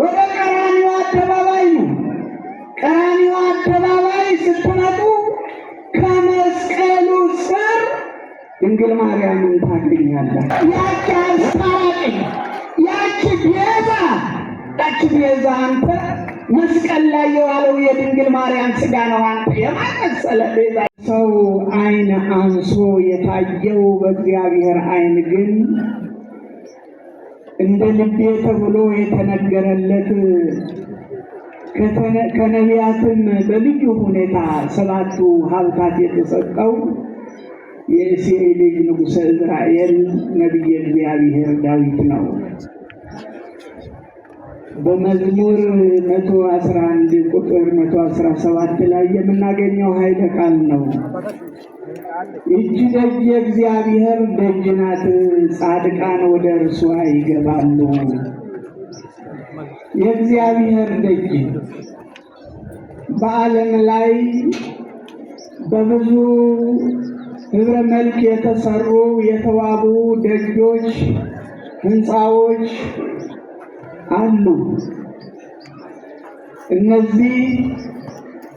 ወደ ቀራኒዋ አደባባይ ነው። ቀራኒዋ አደባባይ ስትመጡ ከመስቀሉ ስር ድንግል ማርያምን ታገኛለህ። ያቺ አስታራቂ፣ ያቺ ቤዛ፣ ያቺ ቤዛ አንተ መስቀል ላይ የዋለው የድንግል ማርያም ስጋ ነው። አንተ የማመሰለ ቤዛ ሰው አይን አንሶ የታየው በእግዚአብሔር አይን ግን እንደ ልቤ ተብሎ የተነገረለት ከነቢያትም በልዩ ሁኔታ ሰባቱ ሀብታት የተሰጠው የእሴይ ልጅ ንጉሠ እስራኤል ነቢየ እግዚአብሔር ዳዊት ነው። በመዝሙር መቶ አስራ አንድ ቁጥር መቶ አስራ ሰባት ላይ የምናገኘው ኃይለ ቃል ነው። እጅ ደጅ እግዚአብሔር ደጅ ናት፣ ጻድቃን ወደ እርሷ ይገባሉ። የእግዚአብሔር ደጅ በዓለም ላይ በብዙ ህብረ መልክ የተሰሩ የተዋቡ ደጆች፣ ህንፃዎች አሉ። እነዚህ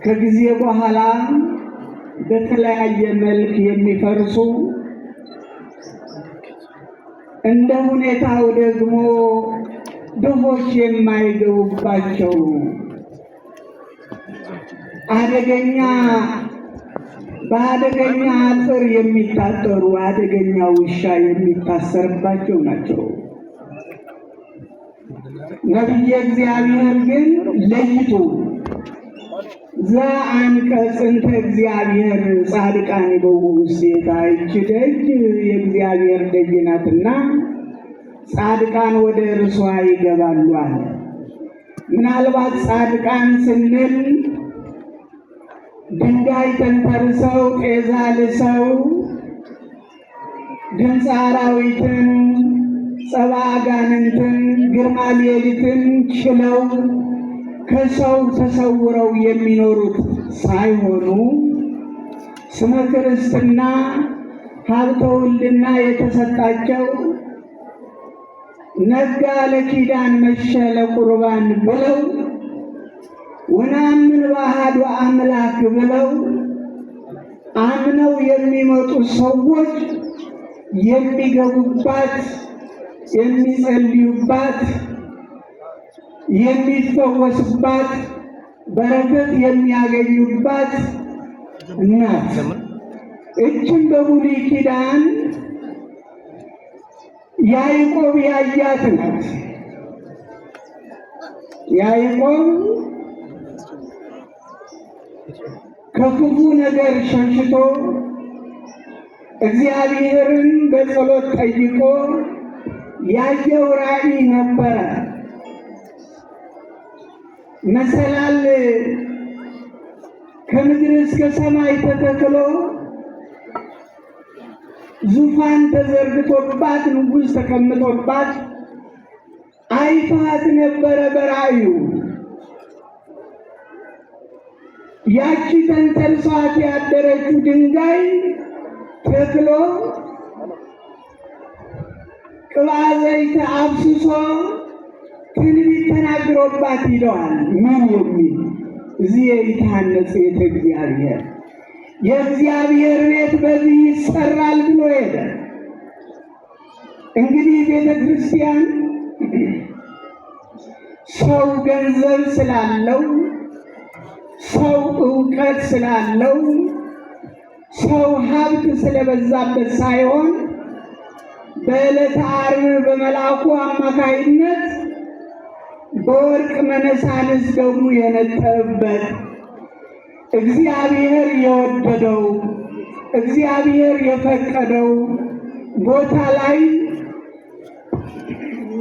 ከጊዜ በኋላ በተለያየ መልክ የሚፈርሱ እንደ ሁኔታው ደግሞ ድሆች የማይገቡባቸው አደገኛ በአደገኛ አጥር የሚታጠሩ አደገኛ ውሻ የሚታሰርባቸው ናቸው። ነቢየ እግዚአብሔር ግን ለይቱ። ዘአንቀጽ እንተ እግዚአብሔር ጻድቃን ይበው ውስቴታ ይች ደጅ የእግዚአብሔር ደጅ ናትና ጻድቃን ወደ እርሷ ይገባሉ አለ። ምናልባት ጻድቃን ስንል ድንጋይ ተንተርሰው ጤዛ ልሰው ድምፀ አራዊትን ጸባ አጋንንትን ግርማ ሌሊትን ችለው ከሰው ተሰውረው የሚኖሩት ሳይሆኑ ስመ ክርስትና ሀብተ ውልድና የተሰጣቸው ነጋ ለኪዳን መሸ ለቁርባን ብለው ወናምን ባህዶ አምላክ ብለው አምነው የሚመጡ ሰዎች የሚገቡባት የሚጸልዩባት የሚፈወሱባት በረከት የሚያገኙባት ናት። እችን በብሉይ ኪዳን ያዕቆብ ያያት ናት። ያዕቆብ ከክፉ ነገር ሸሽቶ እግዚአብሔርን በጸሎት ጠይቆ ያየው ራእይ ነበረ። መሰላል ከምድር እስከ ሰማይ ተተክሎ ዙፋን ተዘርግቶባት ንጉሥ ተቀምጦባት አይቷት ነበረ በራእዩ። ያቺ ተንተርሷት ያደረችው ድንጋይ ተክሎ ቅባዘይተ አብስሶ ትንቢት ተናግሮባት ይለዋል። ምን የሚል እዚህ የታነጽ ቤተ እግዚአብሔር የእግዚአብሔር ቤት በዚህ ይሰራል ብሎ ሄደ። እንግዲህ ቤተ ክርስቲያን ሰው ገንዘብ ስላለው፣ ሰው እውቀት ስላለው፣ ሰው ሀብት ስለበዛበት ሳይሆን በዕለተ ዓርብ በመልአኩ አማካይነት በወርቅ መነሳንስ ደግሞ የነጠበበት እግዚአብሔር የወደደው እግዚአብሔር የፈቀደው ቦታ ላይ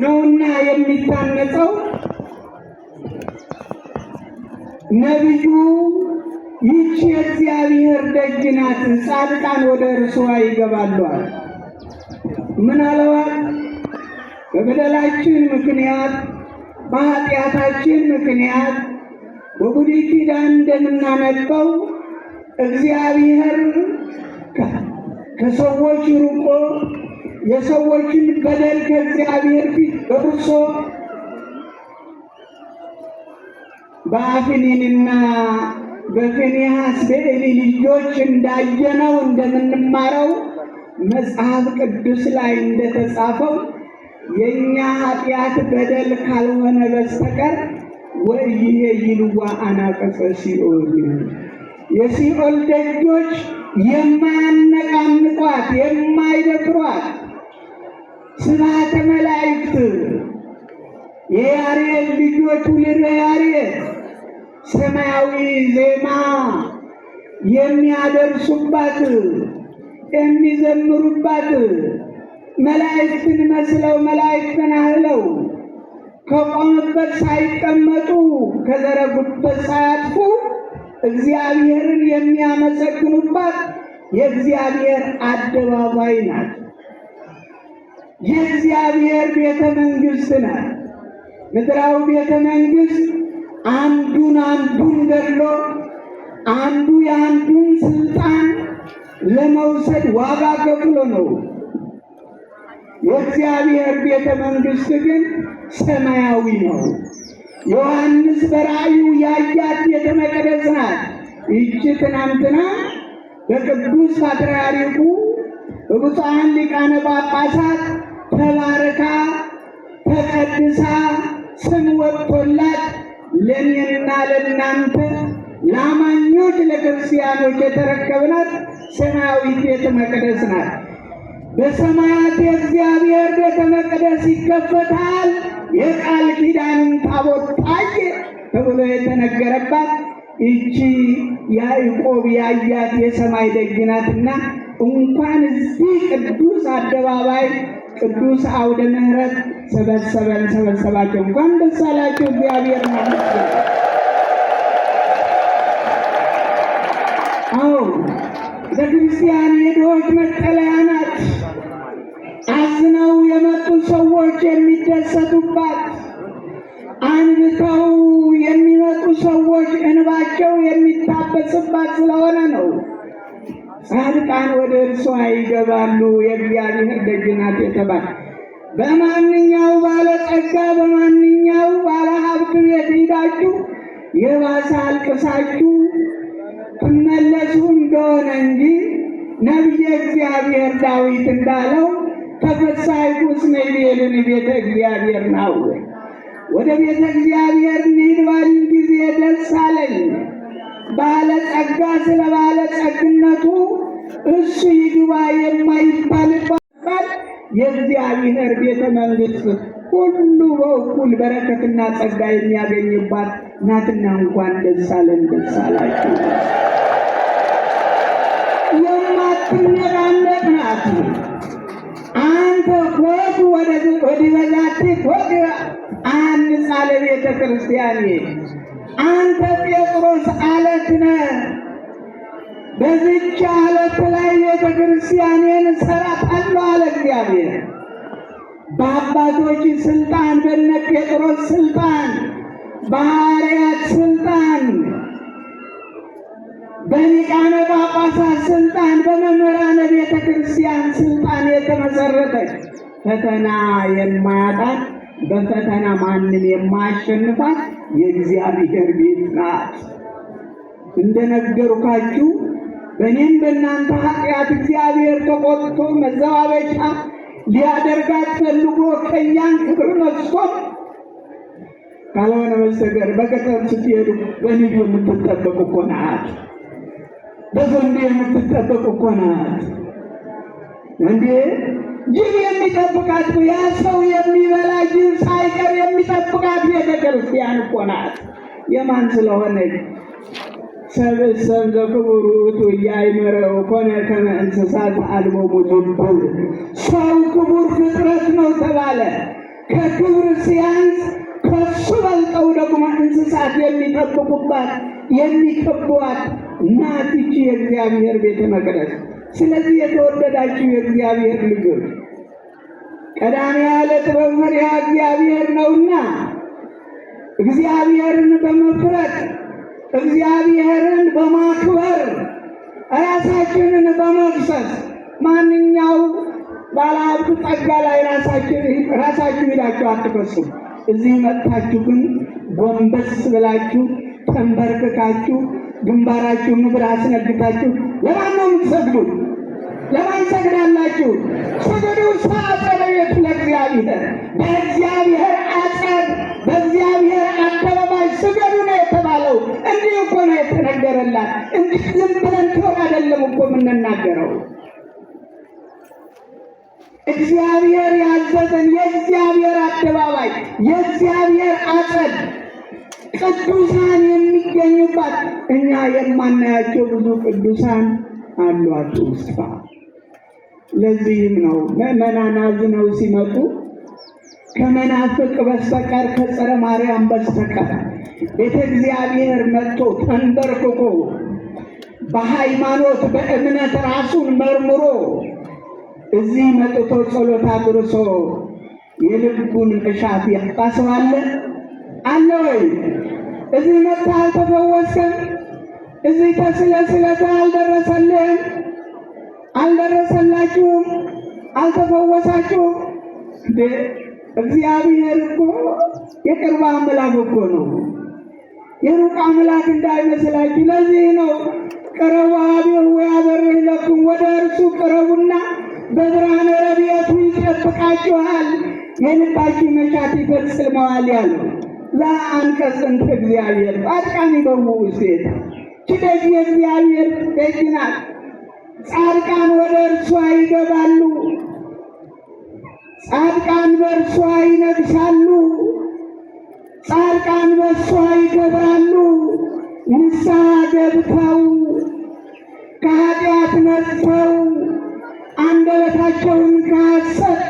ነውና የሚታነጸው ነቢዩ ይቺ የእግዚአብሔር ደጅ ናት፣ ጻድቃን ወደ እርስዋ ይገባሏል። አለዋል? በበደላችን ምክንያት በኃጢአታችን ምክንያት በብሉይ ኪዳን እንደምናነበው እግዚአብሔር ከሰዎች ርቆ የሰዎችን በደል ከእግዚአብሔር ፊት በብሶ በአፍኒንና በፊንያስ በዔሊ ልጆች እንዳየነው እንደምንማረው መጽሐፍ ቅዱስ ላይ እንደተጻፈው የእኛ ኃጢአት በደል ካልሆነ በስተቀር ወይሄ ይልዋ አናቀጸ ሲኦል የሲኦል ደጆች የማያነቃንቋት የማይደፍሯት ስብሐተ መላእክት የያሬድ ልጆች ውልደ ያሬድ ሰማያዊ ዜማ የሚያደርሱባት የሚዘምሩባት መላእክትን መስለው መላእክትን አህለው ከቆሙበት ሳይቀመጡ ከዘረጉበት ሳያጥፉ እግዚአብሔርን የሚያመሰግኑባት የእግዚአብሔር አደባባይ ናት። የእግዚአብሔር ቤተ መንግሥት ናት። ምድራዊ ቤተ መንግሥት አንዱን አንዱን ገድሎ አንዱ የአንዱን ስልጣን ለመውሰድ ዋጋ ከፍሎ ነው የእግዚአብሔር ቤተ መንግሥት ግን ሰማያዊ ነው። ዮሐንስ በራእዩ ያያት ቤተ መቅደስ ናት። ይህች ትናንትና በቅዱስ ፓትርያርኩ በብፁዓን ሊቃነ ጳጳሳት ተባርካ ተቀድሳ ስም ወጥቶላት ለእኔና ለእናንተ ለአማኞች ለክርስቲያኖች የተረከብናት ሰማያዊት ቤተ መቅደስ ናት። በሰማያት የእግዚአብሔር ቤተ መቅደስ ይከፈታል፣ የቃል ኪዳን ታቦት ታየ ተብሎ የተነገረባት ይቺ ያዕቆብ ያያት የሰማይ ደጅ ናትና እንኳን እዚህ ቅዱስ አደባባይ ቅዱስ አውደ ምሕረት ሰበሰበን ሰበሰባቸው። እንኳን ደስ አላቸው እግዚአብሔር ማለት አዎ ቤተክርስቲያን የድሆች መጠለያ ናት። ሰዎች የሚደሰቱባት፣ አንብተው የሚመጡ ሰዎች እንባቸው የሚታበስባት ስለሆነ ነው። ጻድቃን ወደ እርሷ ይገባሉ የእግዚአብሔር ደጅ ናት የተባለ በማንኛው ባለጸጋ በማንኛው ባለ ሀብት ቤት ሂዳችሁ የባሰ አልቅሳችሁ ትመለሱ እንደሆነ እንጂ ነቢየ እግዚአብሔር ዳዊት እንዳለው ከፈሳይቱ እስመ ኢሜሉኒ ቤተ እግዚአብሔር ናው ወደ ቤተ እግዚአብሔር እንሂድ ባልን ጊዜ ደስ አለኝ። ባለ ጸጋ ስለ ባለ እሱ ይግባ የማይባልባል የእግዚአብሔር ቤተ መንግሥት ሁሉ በእኩል በረከትና ጸጋ የሚያገኝባት ናትና እንኳን ደስ አለን፣ ደስ አላችሁ። የማትነቃነቅ ናት። አንተ ኮቱ ወዲበ ዛቲ አንጻ ለቤተ ክርስቲያን አንተ ጴጥሮስ አለት ነህ። በዚች አለት ላይ ቤተ ክርስቲያኔን እሰራታለሁ አለ እግዚአብሔር። በአባቶች ስልጣን፣ በነ ጴጥሮስ ስልጣን፣ በሐዋርያት ስልጣን፣ በሊቃነ ጳጳሳት ስልጣን፣ በመምህራነ ቤተ ክርስቲያን ስልጣን የተመሰረተች ፈተና የማያጣት በፈተና ማንም የማያሸንፋት የእግዚአብሔር ቤት ናት። እንደነገርኳችሁ በእኔም በእናንተ ኃጢአት እግዚአብሔር ተቆጥቶ መዘባበቻ ሊያደርጋት ፈልጎ ከእኛን ክብር ነስቶ ካልሆነ በስተቀር በገጠር ስትሄዱ በንዱ የምትጠበቅ እኮ ናት። በዘንዱ የምትጠበቅ እኮ ናት። እንዴ ይህ የሚጠብቃት ያ ሰው የሚበላ ይህ ሳይቀር የሚጠብቃት ቤተ ክርስቲያን እኮ ናት። የማን ስለሆነች ሰብእሰብ ዘክቡር ውእቱ ኢያእመረው ኮነ ከመ እንስሳት አልቦ ሙዝብል ሰው ክቡር ፍጥረት ነው ተባለ። ከክብር ሲያንስ ከሱ በልጠው ደግሞ እንስሳት የሚጠብቁባት የሚጠብዋት ናት ይቺ የእግዚአብሔር ቤተ መቅደስ ስለዚህ የተወደዳችሁ የእግዚአብሔር ልጆች ቀዳሚ ያለ ጥበብ መሪያ እግዚአብሔር ነውና እግዚአብሔርን በመፍረት እግዚአብሔርን በማክበር ራሳችንን በመቅሰስ ማንኛው ባለሀብቱ ጸጋ ላይ ራሳችሁ ሄዳችሁ አትፈሱም። እዚህ መጥታችሁ ግን ጎንበስ ብላችሁ ተንበርክካችሁ ግንባራችሁ ምድር አስነግታችሁ ለማን ነው የምትሰግዱት? ለማን ሰግዳላችሁ? ስግዱ ሰአጸለቤቱ ለእግዚአብሔር። በእግዚአብሔር አጸድ፣ በእግዚአብሔር አደባባይ ስገዱ ነው የተባለው። እንዲህ እኮ ነው የተነገረላት። እንዲህ ዝም ብለን ትሆን አይደለም እኮ የምንናገረው እግዚአብሔር ያዘዘን የእግዚአብሔር አደባባይ የእግዚአብሔር አጸድ ቅዱሳን የሚገኙባት እኛ የማናያቸው ብዙ ቅዱሳን አሏት ውስፋ ለዚህም ነው ምዕመናን አዝነው ሲመጡ ከመናፍቅ በስተቀር ከጸረ ማርያም በስተቀር ቤተ እግዚአብሔር መጥቶ ተንበርክኮ በሃይማኖት በእምነት ራሱን መርምሮ እዚህ መጥቶ ጸሎት አድርሶ የልቡን እሻት ያጣስባለ አለ ወይ? እዚህ መጥተህ አልተፈወስክም? እዚህ ተስለ ስለትህ አልደረሰልህም አልደረሰላችሁም፣ አልተፈወሳችሁም። እግዚአብሔር እኮ የቅርብ አምላክ እኮ ነው፣ የሩቅ አምላክ እንዳይመስላችሁ። ለዚህ ነው ቅረቡ አብሁ ያበርህ ለኩም፣ ወደ እርሱ ቅረቡና በብርሃነ ረድኤቱ ይጠብቃችኋል፣ የልባችሁ መሻት ይፈጽመዋል ያለው ዛ አንቀጽ እንተ እግዚአብሔር ጻድቃን ይበውኡ ሴት ችደግ የእግዚአብሔር ደጅ ናት። ጻድቃን ወደ እርሷ ይገባሉ፣ ጻድቃን በእርሷ ይነግሳሉ፣ ጻድቃን በእርሷ ይከብራሉ። ንስሐ ገብተው ከኃጢአት ነጽተው አንደበታቸውን ከሐሰት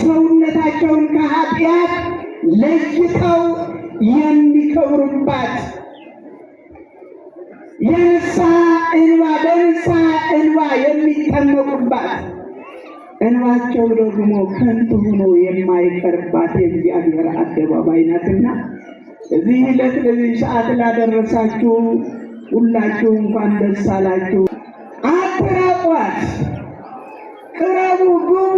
ሰውነታቸውን ከኃጢአት ለይተው የሚከብሩባት የንስሐ እንባ በንሳ እንባ የሚጠመቁባት እንባቸው ደግሞ ከንቱ ሆኖ የማይቀርባት የእግዚአብሔር አደባባይ ናትና እዚህ ዕለት በዚህ ሰዓት ላደረሳችሁ ሁላችሁ እንኳን ደስ አላችሁ። አትራቋት፣ ቅረቡ፣ ግቡ።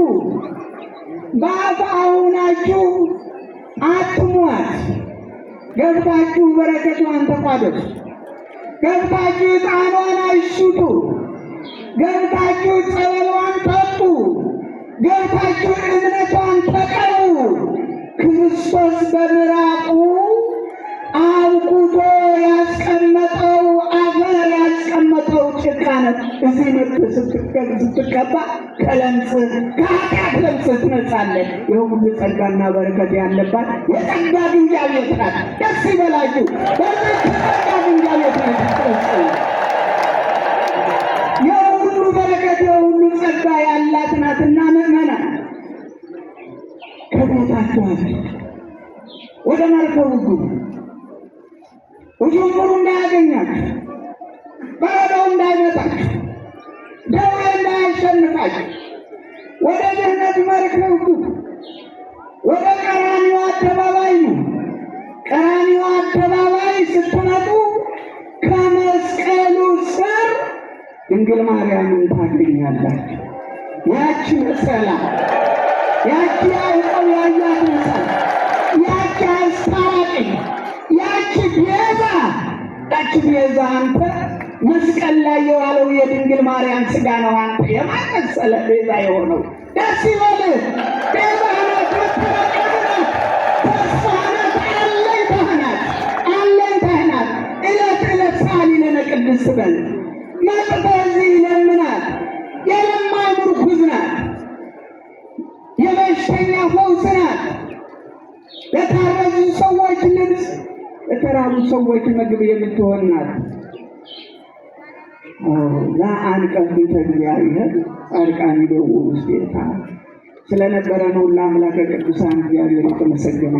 በአፍ አሁናችሁ አትሟት። ገብታችሁ በረከቷን ተቋደሱ። ገብታችሁ ዕጣኗን አይሽጡ፣ ገብታችሁ ጸበሏን ጠጡ፣ ገብታችሁ እምነቷን ተቀቡ። ክርስቶስ በምራቁ እሴን ስትቀባ ከለምጽ ከኃጢአት ለምጽ ትነጻለች። ይኸው ሁሉ ጸጋና በረከት ያለባት የጸጋ ግንጃ ቤት ናት። ደስ ይበላችሁ። በጸጋ ድንጋይ ቤት የሁሉ በረከት የሁሉ ጸጋ ያላት ናትና ምእመናን ከቦታችሁ ወደ መርከብ ግቡ። ውዥንብሩ እንዳያገኛችሁ፣ በረዶ እንዳይመጣችሁ ደዌና ያሸንፋችሁ ወደ ድህነት መርህ ውጡ። ወደ ቀራኒዋ አደባባይ ነው። ቀራኒዋ አደባባይ ስትመጡ ከመስቀሉ ስር ድንግል ማርያምን ታገኛላችሁ። ያችን ሰላም፣ ያቺ አይቀው ያያትን ሰላም፣ ያቺ አስታራቂ፣ ያቺ ቤዛ፣ ያቺ ቤዛ አንተ መስቀል ላይ የዋለው የድንግል ማርያም ስጋ ነው። አንተ የማቀሰለ ቤዛ የሆነው ደስ ይበል። አለኝታህናት እለት እለት ሳሊነነ ቅድስ በል መጥቶ እዚህ የለማ ምርኩዝ ናት። የበሽተኛ ፈውስ ናት። ለታረዙ ሰዎች ልብስ፣ ለተራቡ ሰዎች ምግብ የምትሆን ናት። ለአንቀፍ ተእግዚአብሔር ጻድቃን ይደውሉ ውስጤታ ስለነበረ ነው። ለአምላከ ቅዱሳን እግዚአብሔር የተመሰገነ